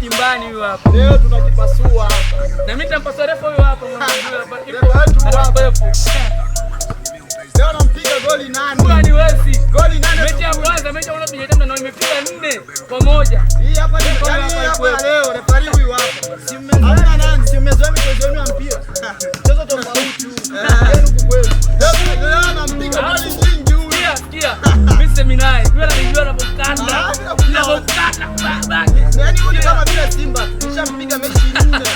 Tunaenda jumbani huyu hapa. Leo tunakipasua Na mimi nitampasua refu huyu hapa. Leo nampiga goli nani? Ni Wesi. Goli nani? Mechi ya kwanza, mechi ya kwanza na imepiga 4 kwa moja. Hii hapa ni kwa hapa leo. Refari huyu hapa. Si mmezoea nani? Si mmezoea michezo ya mpira. Mchezo tofauti. Yaani leo tunampiga goli naijua navokanda ah, navokanda yaani kama vile Simba ishampiga mechi nne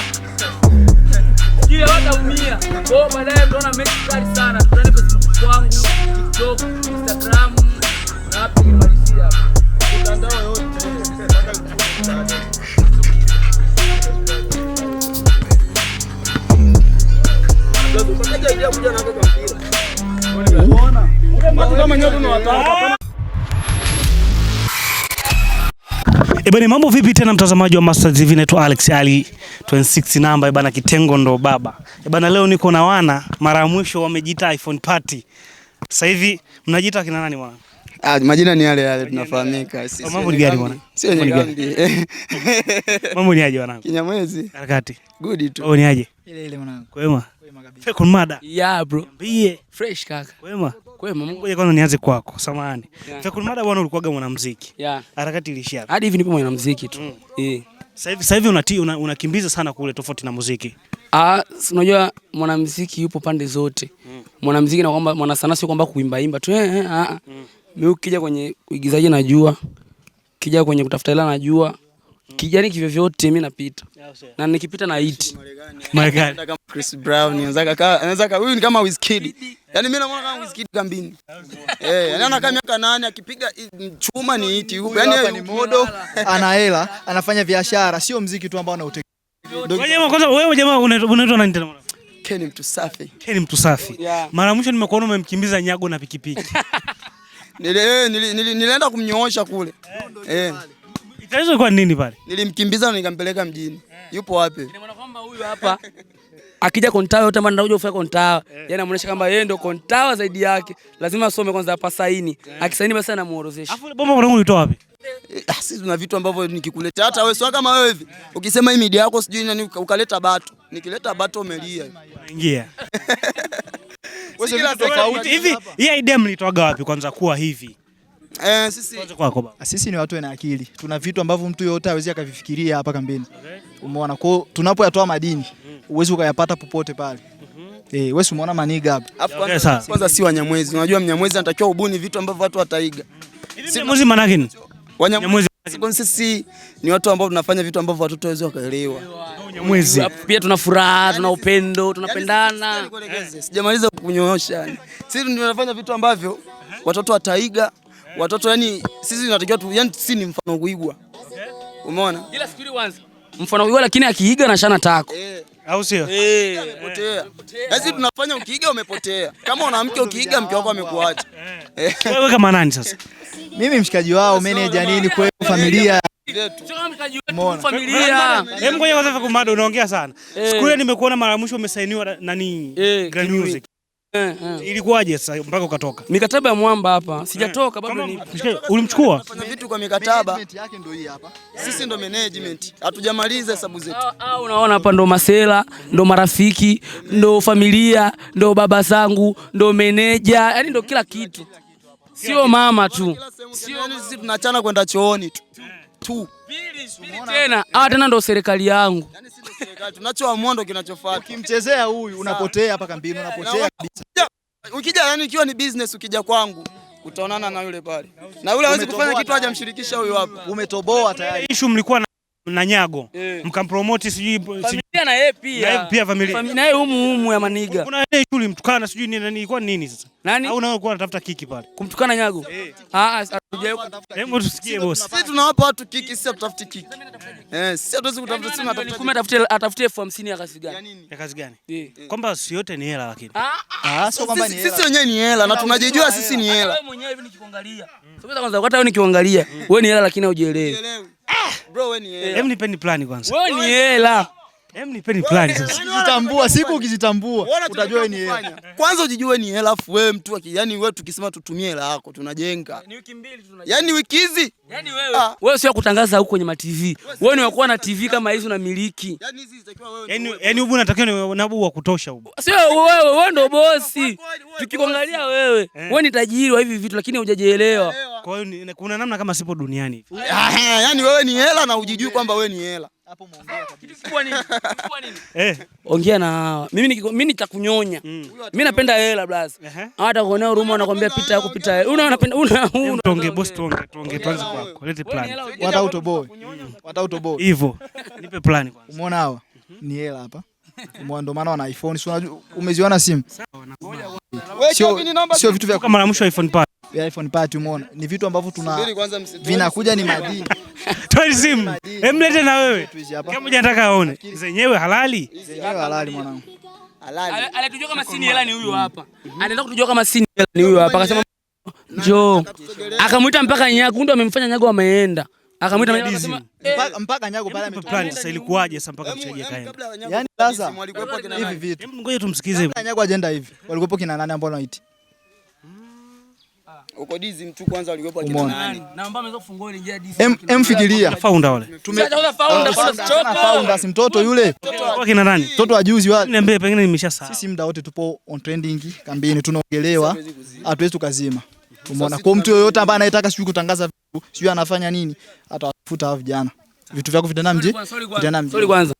kile wataumia kwao. Oh, baadaye tunaona mechi kali sana, tunaenda Facebook kwangu, TikTok, Instagram na wapi nimalizia mitandao yote kuja na mpira E eh, bana, mambo vipi tena mtazamaji wa Mastaz TV, naitwa Alex Ali 26 namba. E eh, bana, kitengo ndo baba. E eh, bana, leo niko na wana, mara ya mwisho wamejiita iPhone party. Sasa hivi mnajiita kina nani bwana? Ah, majina ni yale yale tunafahamika. sisi. Mambo ni gani bwana? Sio ni gani? Mambo ni aje wanangu? Kinyamwezi. Harakati. Good tu. Wewe ni aje? Ile ile mwanangu. Kwema. Kwema kabisa. Fekon mada. Yeah bro. Mbie. Fresh kaka. Kwema. Kwema, Kwanza nianze kwako, samahani. mada bwana, ulikuwaga mwanamuziki. Harakati ilishia hadi hivi nipo mwanamuziki tu. Eh. Sasa hivi unakimbiza sana kule tofauti na muziki. Ah, unajua mwanamuziki yupo pande zote. Mm. Mwanamuziki na kwamba mwanasanaa sio kwamba kuimba imba tu. Eh, eh ah. ah. Mimi mm. ukija kwenye uigizaji najua. Kija kwenye kutafuta hela najua. Kijani kivyo vyote mimi napita. Na nikipita na hit. Marekani. Chris Brown, anaweza kaka, anaweza kaka, huyu ni kama Wizkid. Yaani mimi naona kama Wizkid kambini. Eh, yani kama miaka nane akipiga chuma ni hiti huko. Yaani yeye ni modo, ana hela, anafanya biashara, sio mziki tu ambao anautegemea. Wewe jamaa kwanza wewe jamaa unaitwa nani tena Keni mtu safi. Keni mtu safi. Mara mwisho nimekuona umemkimbiza nyago na pikipiki. Nile, eh, Nilienda kumnyoosha kule. Eh. Itaweza eh. kuwa nini pale? Nilimkimbiza na nikampeleka mjini. Eh. Yupo wapi? Ni yaani maana kwamba huyu hapa akija kontawa yote ambaye anakuja kufanya kontawa, eh. yeye anamuonesha kwamba yeye ndio kontawa zaidi yake, lazima asome kwanza hapa saini. Eh. Akisaini basi anamuorozesha Afu bomba mwanangu ulitoa wapi? Sisi eh, ah, tuna vitu ambavyo nikikuleta hata wewe sio kama wewe hivi. Ukisema hii media yako sijui nani ukaleta bato. Nikileta bato umelia. Ingia. Wewe sio tofauti hivi. Hii idea mlitoaga wapi kwanza kuwa hivi? Eh, sisi kwako baba. Ah, sisi ni watu wenye akili, tuna vitu ambavyo mtu yote hawezi akavifikiria hapa kambini. Okay. Umeona, Kwa hiyo tunapoyatoa madini mm-hmm. uwezi ukayapata popote pale. Mm-hmm. Eh, wewe umeona maniga hapa. Okay, Kwanza kwanza si Wanyamwezi. Unajua Mnyamwezi anatakiwa ubuni vitu ambavyo watu wataiga. Mnyamwezi maana gani? nini? Wanyamwezi sisi ni watu ambao tunafanya vitu ambavyo watoto hawezi wakaelewa. Mwezi. Pia tuna furaha, tuna upendo, tunapendana. Sijamaliza kunyoosha. Sisi tunafanya vitu ambavyo eh. watoto wataiga watoto yani sisi tunatakiwa tu, yani sisi ni mfano kuigwa. Umeona? Ila sikuri wanza. Mfano kuigwa lakini akiiga na shana tako. Eh. Au sio? Eh. Umepotea. Sisi tunafanya ukiiga umepotea. Kama una mke ukiiga mke wako amekuacha. Eh. Eh. Wewe kama nani sasa? Mimi mshikaji wao, manager nini kwa familia Ngoja kwanza, unaongea sana. Eh. Siku ile nimekuona mara mwisho umesainiwa na nini? Grand Music. Eh, eh. Ilikuwaje sasa mpaka ukatoka? Mikataba ya mwamba hapa sijatoka eh, bado ni ulimchukua? Kuna vitu kwa mikataba. Yake ndio hii hapa. Sisi ndio management. Hatujamaliza hesabu zetu. Au ah, ah, unaona hapa ndo masela, ndo marafiki, ndo familia, ndo baba zangu, ndo meneja, yaani ndo kila kitu. Sio mama tu. Sio sisi tunachana kwenda chooni tu. Eh. Tu. Pili tena, ah tena ndo serikali yangu tunachoamua ndo kinachofuata. Ukimchezea huyu unapotea hapa kambini, unapotea kabisa. Ukija yani, ikiwa ni business, ukija kwangu utaonana na yule pale, na yule hawezi kufanya kitu hajamshirikisha huyu hapa. Umetoboa tayari. Issue mlikuwa na Nyago yeah. Mkampromote sijui familia na yeye pia na yeye pia familia na yeye humu humu ya Maniga. Kuna yeye shule mtukana sijui ni nani kwa nini sasa? Nani? Au unao kwa anatafuta kiki pale. Kumtukana Nyago? Eh. Ah ah, hebu tusikie boss. Sisi tunawapa watu kiki, sisi tutafuti kiki. Eh, sisi hatuwezi kutafuta sisi yaani, tunatafuta. Kumbe atafute atafute elfu hamsini ya kazi gani? Ya kazi gani? Eh. Kwamba si yote ni hela lakini. Ah, ah, ah sio kwamba ni hela. Sisi wenyewe ni hela na tunajijua sisi ni hela. Wewe mwenyewe hivi nikikuangalia, Sasa kwanza wakati wewe nikiangalia, mm. wewe ni hela lakini haujielewi. Ah! Bro wewe ni hela. Hebu nipeni plani kwanza. Wewe ni hela. Hem, nipeni plani sasa. Ukijitambua siku ukijitambua utajua ni hela. Kwanza ujijue ni hela afu wewe mtu yani wewe tukisema tutumie hela yako tunajenga. Ni wiki mbili tunajenga. Yaani wiki hizi. Yaani wewe. Ah. Wewe sio kutangaza huko kwenye ma TV. Wewe ni wakuwa na TV kama hizo unamiliki. Yaani hizi zitakiwa wewe. Yaani yaani ubu unatakiwa ni nabu wa kutosha ubu. Sio wewe, wewe ndio bosi. Tukiangalia wewe. Eh. Wewe ni tajiri wa hivi vitu lakini hujajielewa. Kwa hiyo kuna namna kama sipo duniani Yaani wewe ni hela na ujijui kwamba wewe ni hela hapo muongea kabisa. Kitu nini? nini? Eh, ongea na mimi mimi nitakunyonya. Mm. Mimi napenda hela blaza. Hata kuonea huruma nakwambia pita yako pita una una. boss tuanze kwako. Lete plan. Hivyo. Nipe plan kwanza. Umeona hawa? Ni hela hapa. Ndio maana wana iPhone, si unajua umeziona simu. Sio vitu vya kama la mwisho iPhone pale ya iPhone pale tumeona ni vitu ambavyo tuna vinakuja ni madini. Tourism, emlete na wewe kama unataka aone zenyewe halali, zenyewe halali mwanangu. Halali. Anatujua kama sini mm-hmm. hela ni huyu hapa. Anaenda kutujua kama sini hela ni huyu hapa. Akasema njoo. Akamuita mpaka Nyago, ndo amemfanya Nyago ameenda. Akamuita eh. mpaka mpaka Nyago pale ametoka. Sasa ilikuwaje sasa mpaka mchezaji akaenda? Yaani sasa hivi vitu. Hebu Ngoja tumsikize. Nyago ajenda hivi. Walikuwepo kina nani ambao wanaiti? Uko dizi mtu kwanza alikuwa akina nani? Na ambao ameweza kufungua ile njia dizi. Emfikiria founder wale. Tumeshaona founder sasa choka. Founder si mtoto yule. Kwa kina nani? Mtoto wa juzi wale. Niambie pengine nimeshasahau. Sisi muda wote tupo on trending kambini tunaongelewa. Hatuwezi tukazima. Umeona kwa mtu yoyote ambaye anataka sijui kutangaza vitu, sijui anafanya nini, atawafuta hao vijana. Vitu vyako vitana mje? Vitana mje. Sorry kwanza.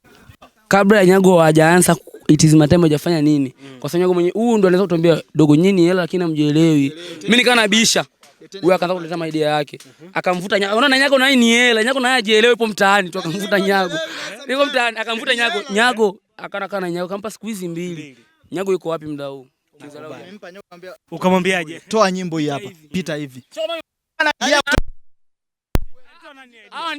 Kabla ya Nyago hajaanza it is my time hujafanya nini? Mm. Kwa sababu yako mwenye huu ndo anaweza kutuambia dogo nyinyi hela lakini hamjielewi. Mimi nikaa bisha huyo akaanza kuleta idea yake. Akamvuta nyago. Unaona nyago na ni hela, nyago naye ajielewe ipo mtaani tu akamvuta nyago. Niko mtaani akamvuta nyago, nyago akana kana nyago kampa siku hizi mbili. Nyago yuko wapi mda huu? Ukamwambiaje? Toa nyimbo hii hapa. Pita hivi. Ah,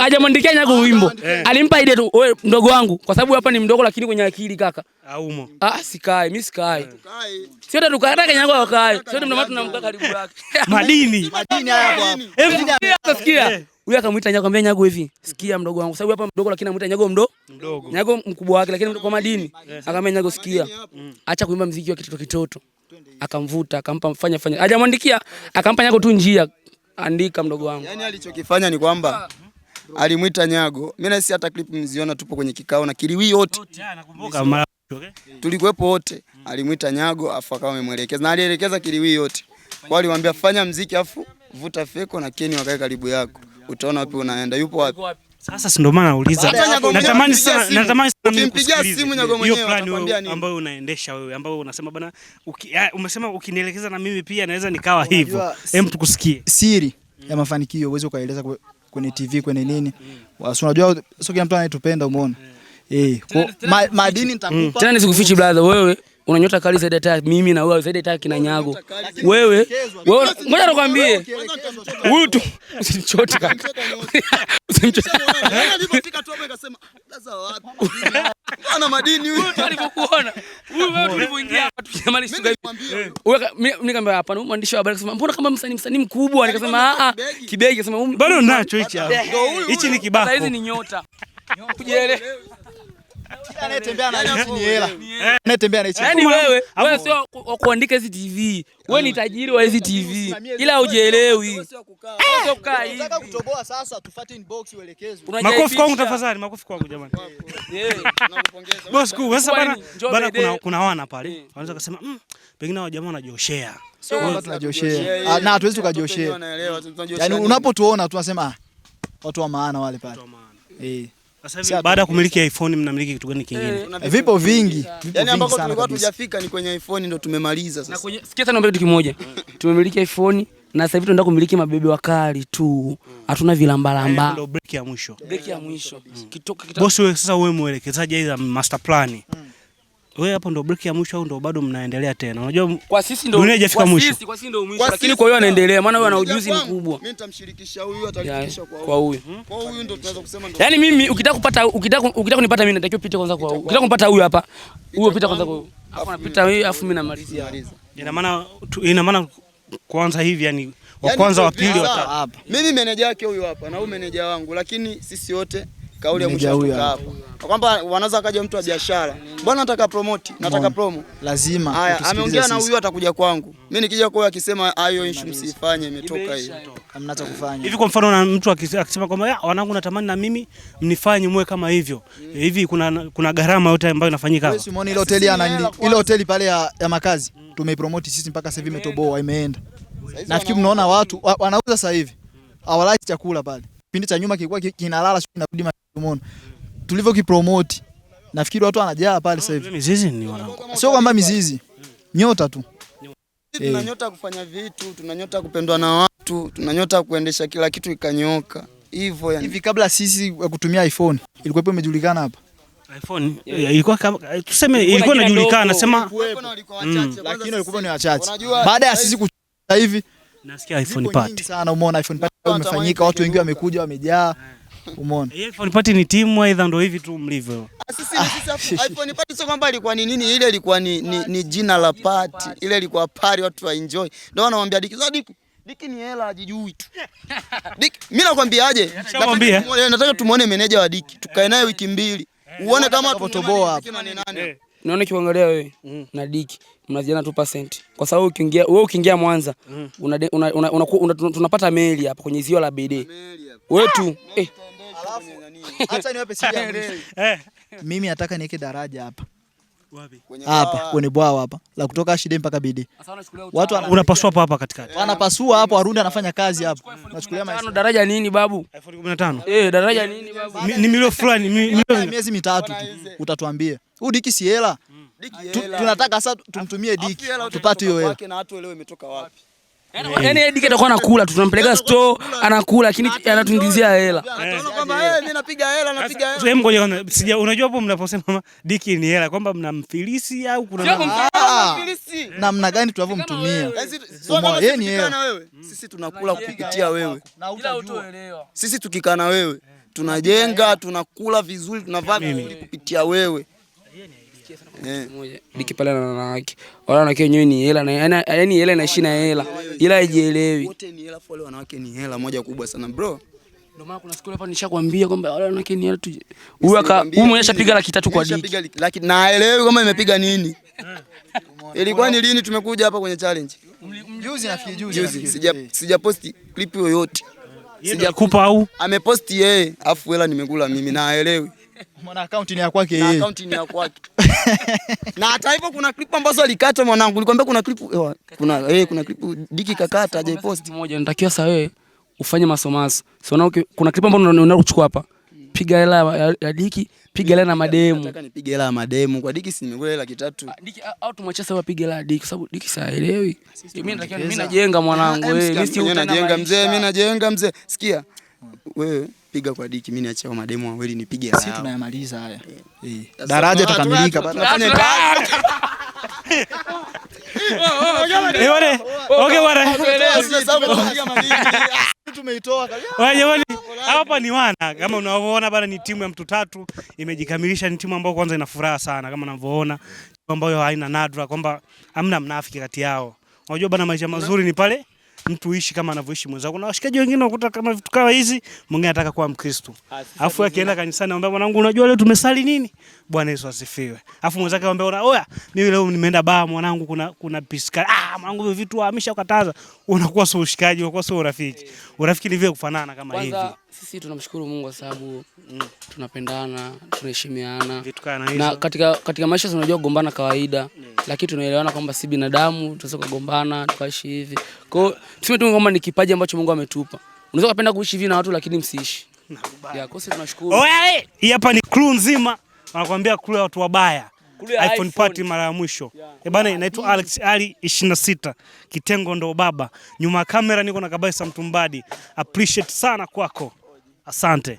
hajamwandikia nyago ah, wimbo. Eh. Alimpa ile tu wewe mdogo wangu kwa sababu hapa ni mdogo lakini kwenye akili kaka. Haumo. Ah, sikae, mimi sikae. Eh. Tukae. Sio ndo tukataka nyago wakae. Sio ndo tunamkaa karibu yake. Madini. Madini hapo. Hebu utasikia. Eh. Huyu akamwita nyago akamwambia nyago hivi. Sikia mdogo wangu. Sababu hapa mdogo lakini anamwita nyago mdogo. Mdogo. Nyago mkubwa wake lakini kwa madini. Akamwambia nyago sikia. Mm. Acha kuimba muziki wa kitoto kitoto. Akamvuta, akampa fanya fanya. Hajamwandikia, akampa nyago tu njia andika mdogo wangu. Yaani alichokifanya ni kwamba alimwita Nyago. Mimi na sisi hata clip mziona, tupo kwenye kikao na Kiliwi yote Tulikuwepo wote. Alimwita Nyago afu akawa amemwelekeza na alielekeza Kiliwi yote Kwa aliwaambia fanya mziki afu vuta feko na Keni wakae karibu yako. Utaona wapi unaenda. Yupo wapi? Sasa si ndo maana nauliza. Natamani sana natamani sana nimpigia simu Nyago mwenyewe anakuambia nini? Ambayo unaendesha wewe, ambayo unasema bana, umesema ukinielekeza na mimi pia naweza nikawa hivyo. Hem, tukusikie. Siri ya mafanikio uweze ukaeleza kwenye TV kwenye nini? Wasi, unajua sio kila mtu anayetupenda umeona. Eh, eh kwa madini nitakupa. Tena nisikufichi brother, wewe una nyota kali zaidi hata mimi na wewe zaidi hata kina nyago wewe wewe, ngoja nikwambie huyu tu usinichote kaka, usimchote ana madini huyu tu alipokuona huyu wewe, tulipoingia wewe mimi nikamwambia hapana, mwandishi wa habari akasema mbona kama msanii msanii mkubwa, nikasema a ah, a, ah, kibegi akasema bado nacho hichi, hapo, hichi ni kibako, hizi ni nyota kujielewa anayetembea yaani na hela. wewe, yaani yaani wewe sio wa kuandika hizi TV. Wewe ni tajiri wa hizi TV. Ila hujielewi. Sio kukaa hivi. Nataka kutoboa sasa tufuate inbox uelekezwe. Makofi kwangu tafadhali, makofi kwangu jamani. Boss sasa bana bana kuna wana pale. Eh. Wanaweza kusema, "Mm, pengine hao jamaa wanajoshea." Sio kwamba tunajoshea. Ah, eh. Na hatuwezi tukajoshea. Yaani unapotuona tunasema, ah, watu wa maana wale pale." Eh. Sasa hivi baada ya kumiliki iPhone mnamiliki kitu gani kingine? Eh, Vipo vingi. Yaani ambako tulikuwa tujafika ni kwenye iPhone ndio tumemaliza sasa. Na kwenye sikia tena kitu kimoja. Eh. Tumemiliki iPhone na sasa hivi tunataka kumiliki mabebe wakali tu. Hatuna vilambalamba. Eh, ndio break ya mwisho. Break ya mwisho. Kitoka kitabu. Boss wewe sasa wewe mwelekezaji aidha master plan. Mm wewe hapo ndo break ya mwisho au ndo bado mnaendelea tena? Unajua kwa sisi ndo dunia haijafika mwisho. Kwa sisi kwa sisi ndo mwisho, lakini kwa hiyo anaendelea, maana yeye ana ujuzi mkubwa. Mimi nitamshirikisha huyu, atashirikisha kwa huyu. Kwa huyu ndo tunaweza kusema ndo. Yaani mimi ukitaka kupata ukitaka ukitaka kunipata mimi natakiwa pite kwanza kwa huyu. Ukitaka kupata huyu hapa, huyo pita kwanza kwa huyu. Hapo anapita huyu afu mimi namalizia. Ina maana ina maana kwanza hivi yani wa yaani kwanza wa pili wa tatu. Mimi meneja yake huyu hapa na huyu meneja wangu, lakini sisi wote kauli ya mwisho kutoka hapa kwamba wanaweza wakaja mtu wa biashara, mbona nataka promote, nataka promo, lazima haya. Ameongea na huyu, atakuja kwangu mimi, nikija kwao akisema hayo issue msifanye, imetoka hiyo, hamnacha kufanya hivi. Kwa mfano, na mtu akisema kwamba wanangu, natamani na mimi mnifanye mwe kama hivyo mm. hivi, kuna kuna gharama yote ambayo inafanyika hapa. Wewe ile hoteli ya ile hoteli pale ya, ya makazi tumeipromote sisi mpaka sasa hivi imetoboa, imeenda. Nafikiri mnaona watu wanauza sasa hivi hawalaki chakula pale. Kipindi cha nyuma kilikuwa kinalala sio kinarudi Tulivyo kipromote, nafikiri watu wanajaa pale sasa hivi. Mizizi ni wanangu. Sio kwamba mizizi. Nyota tu. Tuna eh. nyota kufanya vitu, tuna nyota kupendwa na watu, tuna nyota kuendesha kila kitu ikanyoka. Hivyo yani. Hivi kabla sisi kutumia iPhone ilikuwa imejulikana hapa. iPhone yeah. ilikuwa kama eh, tuseme ilikuwa inajulikana sema, mm. lakini walikuwa ni wachache. Baada ya sisi kuchukua hivi Nasikia iPhone party sana, umeona iPhone party imefanyika, watu wengi wamekuja, wamejaa, eh. umeona iPhone party ni timu, aidha ndio hivi tu mlivyo. Ah, sisi iPhone party sio kwamba ilikuwa ni nini, ile ilikuwa ni, ni, ni jina la party, ile ilikuwa party, watu wa enjoy, ndio wanaomba Diki Diki Diki ni hela ajijui tu. Diki, mimi nakwambiaje? Nataka tumuone meneja wa Diki, tukae naye wiki mbili, eh. uone kama tutoboa hapo. Eh. Unaona kiangalia wewe mm. na Diki mnaziana tu percent, kwa sababu ukiingia wewe ukiingia Mwanza mm-hmm. tunapata meli hapa kwenye ziwa la BD. wetu ah! eh. Acha niwape siri. Eh. Mimi nataka niweke daraja hapa hapa kwenye bwawa hapa la kutoka Shide mpaka Bidi, watu unapasua hapa hapa katikati, eh. wanapasua hapo, Warundi anafanya kazi hapo. Nachukulia maisha daraja nini babu, 2015. eh daraja nini babu, ni milioni fulani, miezi mitatu tu utatuambia huu diki si hela tunataka sasa tumtumie Diki tupate hiyo hela. Na watu elewe imetoka wapi? Yaani Diki atakuwa anakula tu, tunampeleka store anakula, lakini anatuingizia hela. Ataona eh. kwamba eh, mimi napiga hela, napiga hela. Ngoja sija, unajua hapo mnaposema Diki ni hela kwamba mnamfilisi au kuna ah, namna gani tunavyomtumia yeye ni hela. Mm. Sisi tunakula kupitia wewe, sisi tukikaa na wewe eh. tunajenga, tunakula vizuri, tunavaa vizuri kupitia wewe. Diki eh. pale na wanawake. Wala wanawake wenyewe ni hela na yaani hela inaishi na hela. Ila haijielewi. Wote ni hela, wale wanawake ni hela moja kubwa sana bro. Ndio maana kuna siku hapa nishakwambia kwamba wale wanawake ni hela tu. Huyu aka huyu mwenyewe shapiga laki tatu kwa diki. Laki na kama imepiga nini. Eh. Ilikuwa ni lini tumekuja hapa kwenye challenge? Juzi nafikiri juzi. Sija sija posti clip yoyote sijakupa au ameposti yeye, afu hela nimekula mimi, naelewi Mwana akaunti ni ya kwake yeye. Na akaunti ni ya kwake. Na hata hivyo kuna clip ambazo alikata mwanangu. Nilikwambia kuna clip kuna eh kuna clip diki kakata hajaiposti moja. Natakiwa sasa wewe ufanye masomaso. sio? na kuna clip ambayo unaona kuchukua hapa piga hela ya Diki, piga hela na mademu. Nataka nipige hela ya mademu kwa Diki, si nimekula hela kitatu. Ah, Diki au tumwachie sasa, apige hela Diki kwa sababu Diki saelewi. Mimi nataka mimi najenga mwanangu, ah, wewe mimi si unajenga mzee, mimi najenga mzee. Sikia wewe piga kwa Diki, mimi niachie mademu wawili nipige hela. Sisi tunayamaliza haya. Eh, eh, daraja takamilika bana. Okay bwana umeitoa kabisa. Ah, hapa ni wana kama unavyoona bana, ni timu ya mtu tatu imejikamilisha. Ni timu ambayo kwanza ina furaha sana kama unavyoona, timu ambayo haina nadra, kwamba hamna mnafiki kati yao. Unajua bana, maisha mazuri ni pale mtu uishi kama anavyoishi mwenzako. Na washikaji wengine wakuta kama vitu kama hizi, mwingine anataka kuwa Mkristo, ah, afu akienda kanisani anambia, mwanangu, unajua leo tumesali nini? Bwana Yesu asifiwe. Afu mwenzake anambia, oya, mimi leo nimeenda baa, mwanangu, kuna kuna piska. Ah, mwanangu, hivi vitu ameshakataza. Unakuwa sio ushikaji, unakuwa sio urafiki. Eh. Urafiki ni vile kufanana kama hivi sisi tunamshukuru Mungu kwa sababu mm. tunapendana, tunaheshimiana na katika, katika maisha tunajua kugombana kawaida yeah. Mm. Lakini tunaelewana kwamba si binadamu tunaweza kugombana tukaishi hivi. Kwa hiyo tuseme tu kwamba ni kipaji ambacho Mungu ametupa. Unaweza kupenda kuishi hivi na watu lakini msiishi. Ya, kwa sisi tunashukuru. Hii hapa ni crew nzima wanakuambia crew ya watu wabaya. IPhone, iPhone party mara ya mwisho yeah. Eh, bana, inaitwa Alex Ali 26 kitengo ndo baba. Nyuma ya kamera niko na Kabaisa Mtumbadi. Appreciate sana kwako. Asante.